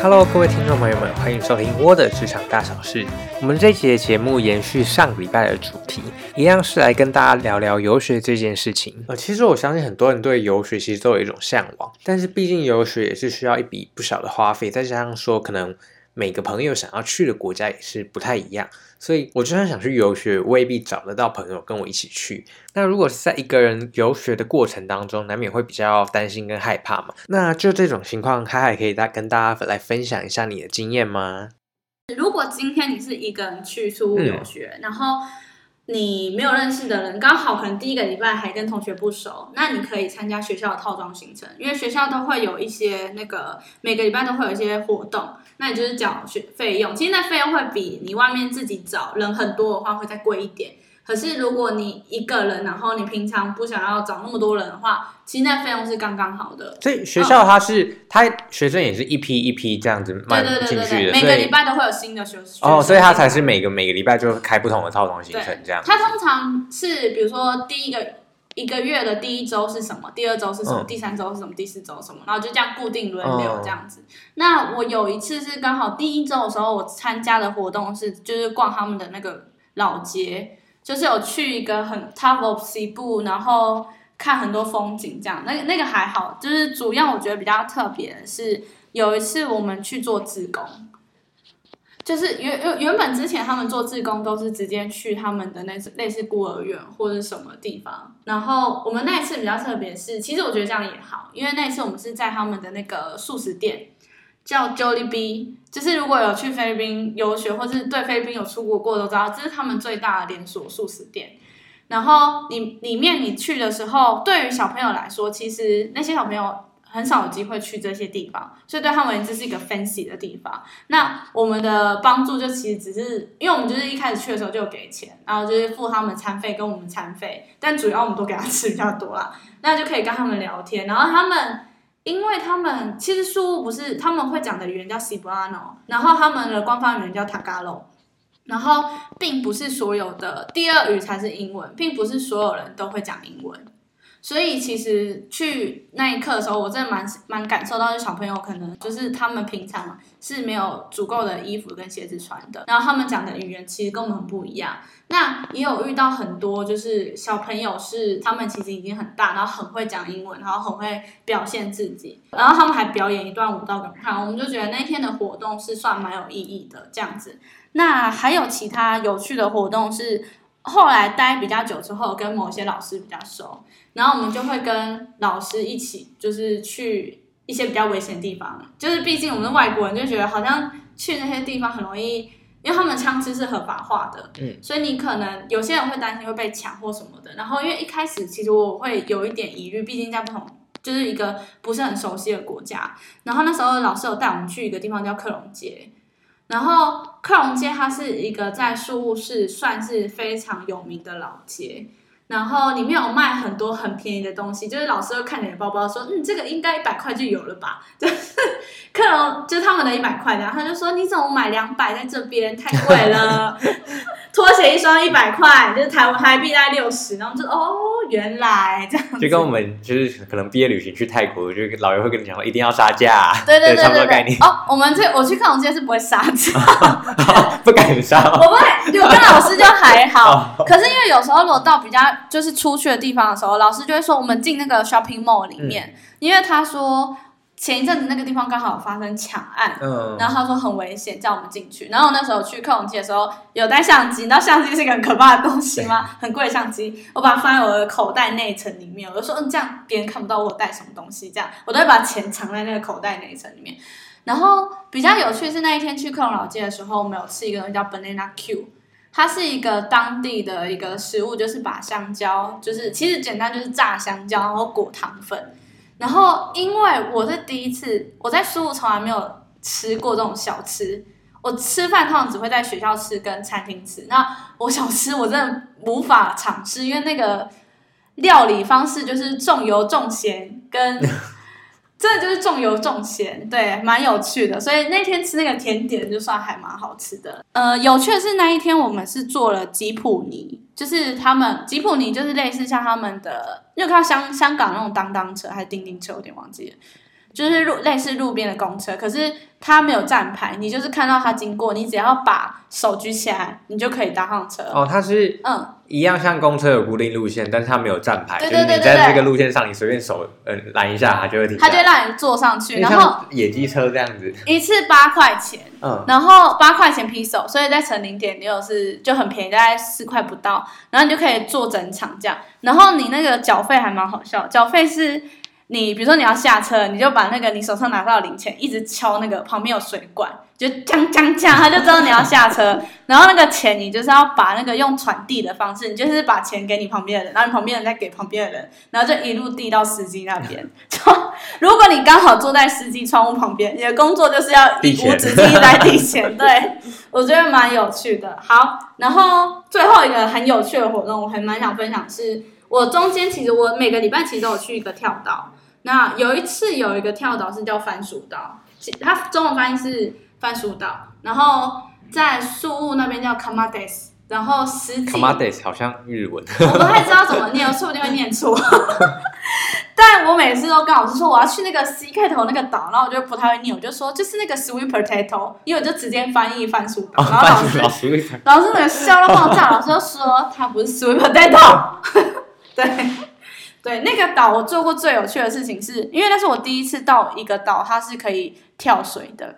Hello，各位聽眾朋友們有有，歡迎收聽《我的職場大小事》。我們這期的節目延續上禮拜的主題，一樣是來跟大家聊聊遊學這件事情。呃，其實我相信很多人對遊學其實都有一種向往，但是畢竟遊學也是需要一筆不小的花費，再加上說可能。每個朋友想要去的國家也是不太一樣，所以我就算想去遊學，未必找得到朋友跟我一起去。那如果是在一個人遊學的過程當中，難免會比較擔心跟害怕嘛。那就這種情況，海海可以再跟大家來分享一下你的經驗嗎？如果今天你是一個人去出國遊學，嗯、然後。你沒有認識的人，剛好可能第一個禮拜還跟同學不熟，那你可以參加學校的套裝行程，因為學校都會有一些那個每個禮拜都會有一些活動，那你就是繳學費用，其實那費用會比你外面自己找人很多的話會再貴一點。可是如果你一個人，然後你平常不想要找那麼多人的話，其實那費用是剛剛好的。所以學校它是它、嗯、學生也是一批一批這樣子賣進去的，對對對對對對每個禮拜都會有新的學生。哦，所以它才是每個每個禮拜就開不同的套裝行程這樣子。它通常是比如說第一個一個月的第一周是什麼，第二周是什麼，嗯、第三周是什麼，第四周什麼，然後就這樣固定輪流這樣子、嗯。那我有一次是剛好第一周的時候，我參加的活動是就是逛他們的那個老街。嗯就是有去一個很 top of 西部，然後看很多風景這樣，那那個還好。就是主要我覺得比較特別是，有一次我們去做志工，就是原原本之前他們做志工都是直接去他們的那類似孤兒院或者是什麼地方，然後我們那一次比較特別是，其實我覺得這樣也好，因為那一次我們是在他們的那個素食店。叫 Jollibee 就是如果有去菲律賓遊學，或是對菲律賓有出國過都知道，這是他們最大的連鎖速食店。然後裡裡面你去的時候，對於小朋友來說，其實那些小朋友很少有機會去這些地方，所以對他們而言這是一個 fancy 的地方。那我們的幫助就其實只是，因為我們就是一開始去的時候就給錢，然後就是付他們餐費跟我們餐費，但主要我們都給他吃比較多啦，那就可以跟他們聊天，然後他們。因為他們其實宿霧，宿霧不是他們會講的語言叫西布拉諾，然後他們的官方語言叫塔加洛，然後並不是所有的第二語才是英文，並不是所有人都會講英文。所以其實去那一刻的時候，我真的蠻蠻感受到，就小朋友可能就是他們平常是沒有足夠的衣服跟鞋子穿的。然後他們講的語言其實跟我們很不一樣。那也有遇到很多就是小朋友是他們其實已經很大，然後很會講英文，然後很會表現自己。然後他們還表演一段舞蹈給我們看，然後我們就覺得那天的活動是算蠻有意義的這樣子。那還有其他有趣的活動是。後來待比較久之後，跟某些老師比較熟，然後我們就會跟老師一起，就是去一些比較危險的地方。就是畢竟我們的外國人，就覺得好像去那些地方很容易，因為他們槍支是合法化的，嗯，所以你可能有些人會擔心會被搶或什麼的。然後因為一開始其實我會有一點疑慮，畢竟在不同，就是一個不是很熟悉的國家。然後那時候老師有帶我們去一個地方叫克隆街。然後克隆街，它是一個在宿霧市，算是非常有名的老街，然後裡面有賣很多很便宜的東西，就是老師會看你的包包說，嗯，這個應該一百塊就有了吧？就是克隆，就他們的一百塊，然後他就說，你怎麼買兩百在這邊？太貴了。 拖鞋一雙一百塊，就是台灣台幣大概六十，然後就哦，原來這樣。就跟我們就是可能畢業旅行去泰國，就導遊會跟你講說一定要殺價，對對對對對，對對對對。哦，我們這我去看，我們這邊是不會殺價，哦哦，不敢殺。我不會，我跟老師就還好，哦，可是因為有時候我到比較就是出去的地方的時候，老師就會說我們進那個 shopping mall 裡面，嗯，因為他說。前一陣子那個地方剛好發生搶案、嗯，然後他說很危險，叫我們進去。然後我那時候去克隆街的時候有帶相機，那相機是一個很可怕的東西嗎？很貴的相機，我把它放在我的口袋內層裡面。我就說，嗯，這樣別人看不到我帶什麼東西。這樣我都會把錢藏在那個口袋內層裡面。然後比較有趣的是那一天去克隆老街的時候，我們有吃一個東西叫 Banana Q，它是一個當地的一個食物，就是把香蕉，就是其實簡單就是炸香蕉，然後裹糖粉。然後，因為我是第一次，我在宿霧從來沒有吃過這種小吃。我吃飯通常只會在學校吃跟餐廳吃，那我想吃我真的無法嘗試，因為那個料理方式就是重油重鹹跟。 這就是重油重鹹，對，蠻有趣的。所以那天吃那個甜點，就算還蠻好吃的。呃，有趣的是那一天我們是坐了吉普尼，就是他們吉普尼就是類似像他們的，又看香香港那種當當車還是叮叮車，有點忘記了。就是路類似路邊的公車，可是它沒有站牌，你就是看到它經過，你只要把手舉起來，你就可以搭上車。哦，它是嗯，一樣像公車有固定路線，但是它沒有站牌。對對對，在這個路線上，你隨便手呃攔一下，它就會停。它就讓你坐上去，然後野雞車這樣子。一次八塊錢，嗯，然後八塊錢劈手，所以再乘零點六是就很便宜，大概四塊不到，然後你就可以坐整場這樣。然後你那個繳費還蠻好笑，繳費是。你比如說你要下車，你就把那個你手上拿到的零錢，一直敲那個旁邊有水管，就鏘鏘鏘，他就知道你要下車。然後那個錢，你就是要把那個用傳遞的方式，你就是把錢給你旁邊的人，然後你旁邊人再給旁邊的人，然後就一路遞到司機那邊。就如果你剛好坐在司機窗戶旁邊，你的工作就是要我只記得遞錢，對我覺得蠻有趣的。好，然後最後一個很有趣的活動，我還蠻想分享是，是我中間其實我每個禮拜其實都有去一個跳島。那有一次有一個跳島是叫番薯島，它中文翻譯是番薯島，然後在宿霧那邊叫 Kamades，然後實際 Kamades 好像日文， 我還不太知道怎麼念，說不定會念錯。 但我每次都跟老師說我要去那個 C 開頭那個島，然後我就不太會念，我就說就是那個 Sweet Potato，因為我就直接翻譯番薯島，然後老師，老師真的笑到爆炸，老師就 說他不是 Sweet Potato 對。對那個島，我做過最有趣的事情是，是因為那是我第一次到一個島，它是可以跳水的，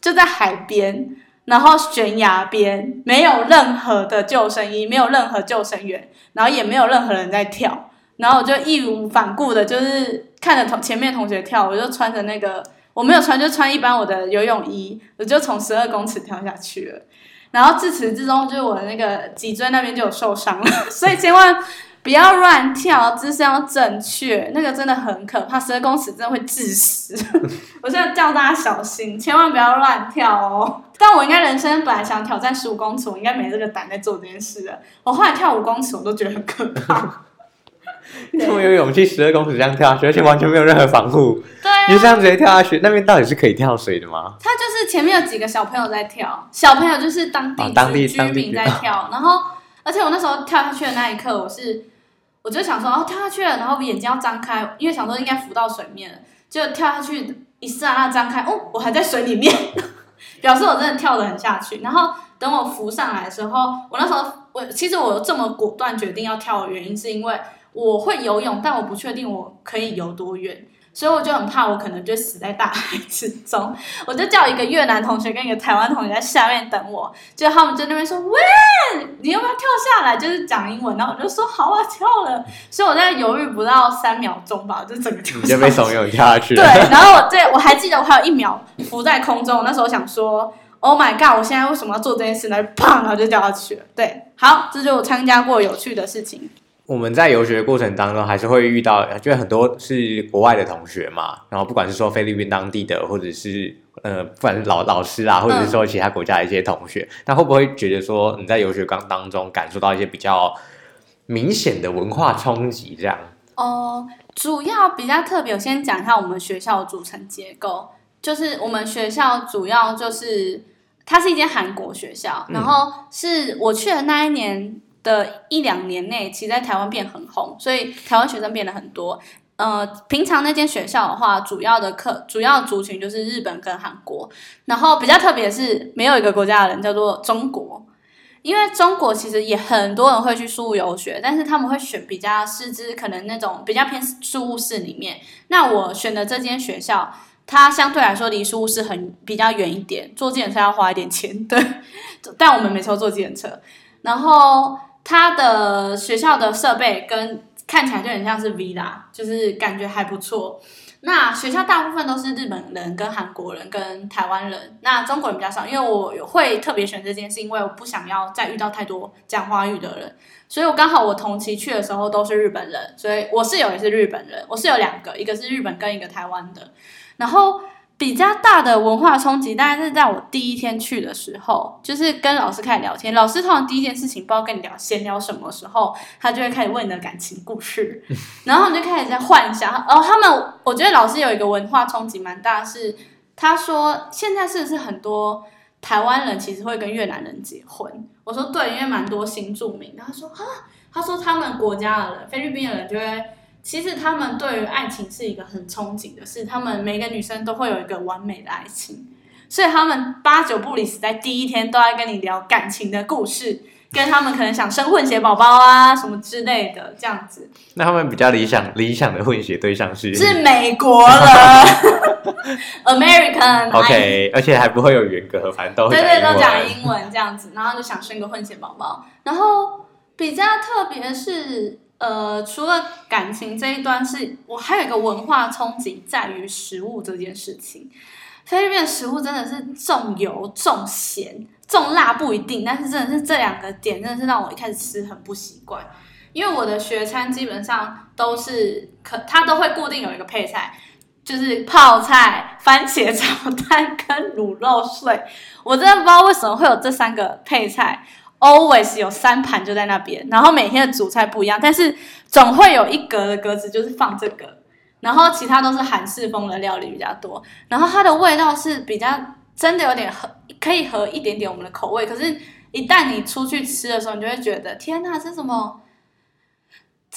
就在海邊，然後懸崖邊，沒有任何的救生衣，沒有任何救生員，然後也沒有任何人在跳，然後我就義無反顧的，就是看着同前面同學跳，我就穿着那個我沒有穿，就穿一般我的游泳衣，我就從十二公尺跳下去了，然後自始至終，就是我的那個脊椎那邊就有受傷了，所以千萬。 不要亂跳，姿勢要正確。那個真的很可怕，十二公尺真的會致死。 我現在叫大家小心，千萬不要亂跳哦。但我應該人生本來想挑戰十五公尺，我應該沒這個膽在做這件事的。我後來跳五公尺，我都覺得很可怕。你 怎麼有勇氣十二公尺這樣跳下去，而且完全沒有任何防護？對、啊，你這樣直接跳下去，那邊到底是可以跳水的嗎？他就是前面有幾個小朋友在跳，小朋友就是當地、啊、當地居民在跳然。然後，而且我那時候跳下去的那一刻，我是。我就想說，哦，跳下去了，然後眼睛要張開，因為想說應該浮到水面就跳下去，一剎那張開，哦，我還在水裡面，表示我真的跳得很下去。然後等我浮上來的時候，我那時候我其實我有這麼果斷決定要跳的原因，是因為我會游泳，但我不確定我可以游多遠。所以我就很怕，我可能就死在大海之中。我就叫一個越南同學跟一個台灣同學在下面等我，就他們就在那邊說：“喂，你要不要跳下來？”就是講英文。然後我就說：“好我、啊、跳了。”所以我在猶豫不到三秒鐘吧，就整個就跳下去，被慫恿跳下去。對，然後我對我還記得我還有一秒浮在空中。我那時候想說：“Oh my god，我現在為什麼要做這件事呢？”砰，然後就掉下去了。對，好，這就是我參加過有趣的事情。我們在遊學過程當中還是會遇到，就很多是國外的同學嘛，然後不管是說菲律賓當地的，或者是呃，不管是老老師啊，或者是說其他國家的一些同學，那、嗯、會不會覺得說你在遊學當當中感受到一些比較明顯的文化衝擊這樣？哦，主要比較特別，我先講一下我們學校的組成結構，就是我們學校主要就是它是一間韓國學校，然後是我去的那一年，嗯的一兩年內，其實在台灣變很紅，所以台灣學生變得很多。呃，平常那間學校的話，主要的課主要族群就是日本跟韓國，然後比較特別是沒有一個國家的人叫做中國，因為中國其實也很多人會去宿霧遊學，但是他們會選比較師資可能那種比較偏宿霧市裡面。那我選的這間學校，它相對來說離宿霧市很比較遠一點，坐計程車要花一點錢，對，但我們沒抽坐計程車然後。他的學校的設備跟看起來就很像是 Villa，就是感覺還不錯。那學校大部分都是日本人、跟韓國人、跟台灣人，那中國人比較少。因為我會特別選這間是因為我不想要再遇到太多講華語的人。所以我剛好我同期去的時候都是日本人，所以我室友也是日本人。我室友兩個，一個是日本跟一個台灣的，然後。比較大的文化衝擊，大概是在我第一天去的時候，就是跟老師開始聊天。老師通常第一件事情，不知道跟你聊閒聊什麼時候，他就會開始問你的感情故事， 然後你就開始在幻想。然、哦、後他們，我覺得老師有一個文化衝擊蠻大，是他說現在是不是很多台灣人其實會跟越南人結婚？我說對，因為蠻多新住民。然後他說啊，他說他們國家的人，菲律賓的人就會。其實他們對於愛情是一個很憧憬的事，是他們每個女生都會有一個完美的愛情，所以他們八九不離十在第一天都要跟你聊感情的故事，跟他們可能想生混血寶寶啊什麼之類的這樣子。那他們比較理想理想的混血對象是是美國人 ，American OK，、ID、而且還不會有語言隔閡，反正都講對，對對都講英文這樣子，然後就想生個混血寶寶，然後比較特別是。呃，除了感情這一端是，我還有一個文化衝擊在於食物這件事情。菲律賓的食物真的是重油、重鹹、重辣，不一定，但是真的是這兩個點真的是讓我一開始吃很不習慣。因為我的學餐基本上都是可，它都會固定有一個配菜，就是泡菜、番茄炒蛋跟滷肉碎。我真的不知道為什麼會有這三個配菜。always 有三盤就在那邊，然後每天的主菜不一樣，但是總會有一格的格子就是放這個，然後其他都是韓式風的料理比較多，然後它的味道是比較真的有點合，可以合一點點我們的口味，可是一旦你出去吃的時候，你就會覺得天哪，是什麼？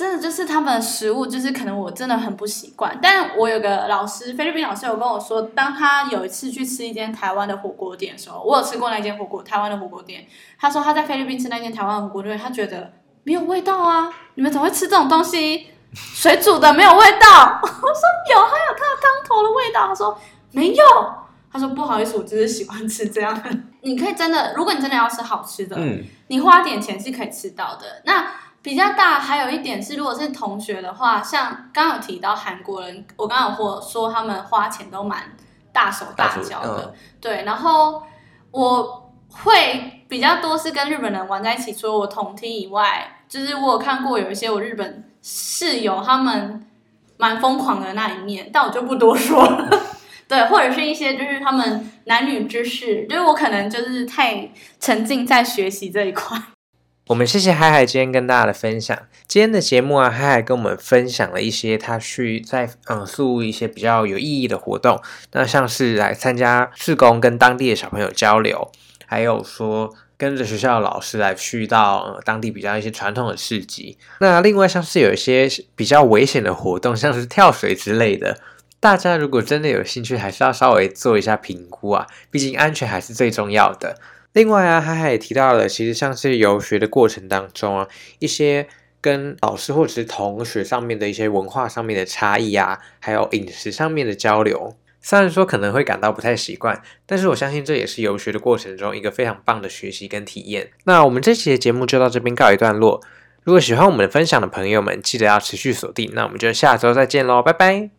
真的就是他們的食物，就是可能我真的很不習慣。但我有個老師，菲律賓老師有跟我說，當他有一次去吃一間台灣的火鍋店的時候，我有吃過那間火鍋，台灣的火鍋店。他說他在菲律賓吃那間台灣的火鍋店，他覺得沒有味道啊！你們怎麼會吃這種東西？水煮的沒有味道。我說有，還有他的湯頭的味道。他說沒有。他說不好意思，我就是喜歡吃這樣。你可以真的，如果你真的要吃好吃的，你花點錢是可以吃到的。那。比較大，還有一點是，如果是同學的話，像剛剛有提到韓國人，我剛剛有說他們花錢都蠻大手大腳的，嗯，對。然後我會比較多是跟日本人玩在一起，除了我同梯以外，就是我有看過有一些我日本室友他們蠻瘋狂的那一面，但我就不多說了。嗯、 對，或者是一些就是他們男女之事，就是我可能就是太沉浸在學習這一塊。我們謝謝海海今天跟大家的分享。今天的節目啊，海海跟我們分享了一些他去在嗯做一些比較有意義的活動。那像是來參加義工，跟當地的小朋友交流，還有說跟着學校的老師來去到、呃、當地比較一些傳統的市集。那另外像是有一些比較危險的活動，像是跳水之類的，大家如果真的有興趣，還是要稍微做一下評估啊，畢竟安全還是最重要的。另外啊，海海也提到了，其實像是遊學的過程當中啊，一些跟老師或者是同學上面的一些文化上面的差異啊，還有飲食上面的交流，雖然說可能會感到不太習慣，但是我相信這也是遊學的過程中一個非常棒的學習跟體驗。那我們這期的節目就到這邊告一段落。如果喜歡我們的分享的朋友們，記得要持續鎖定。那我們就下週再見嘍，拜拜。